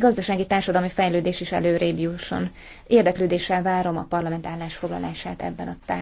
gazdasági társadalmi fejlődés is előrébb jusson. Érdeklődéssel várom a parlament állásfoglalását ebben a tár-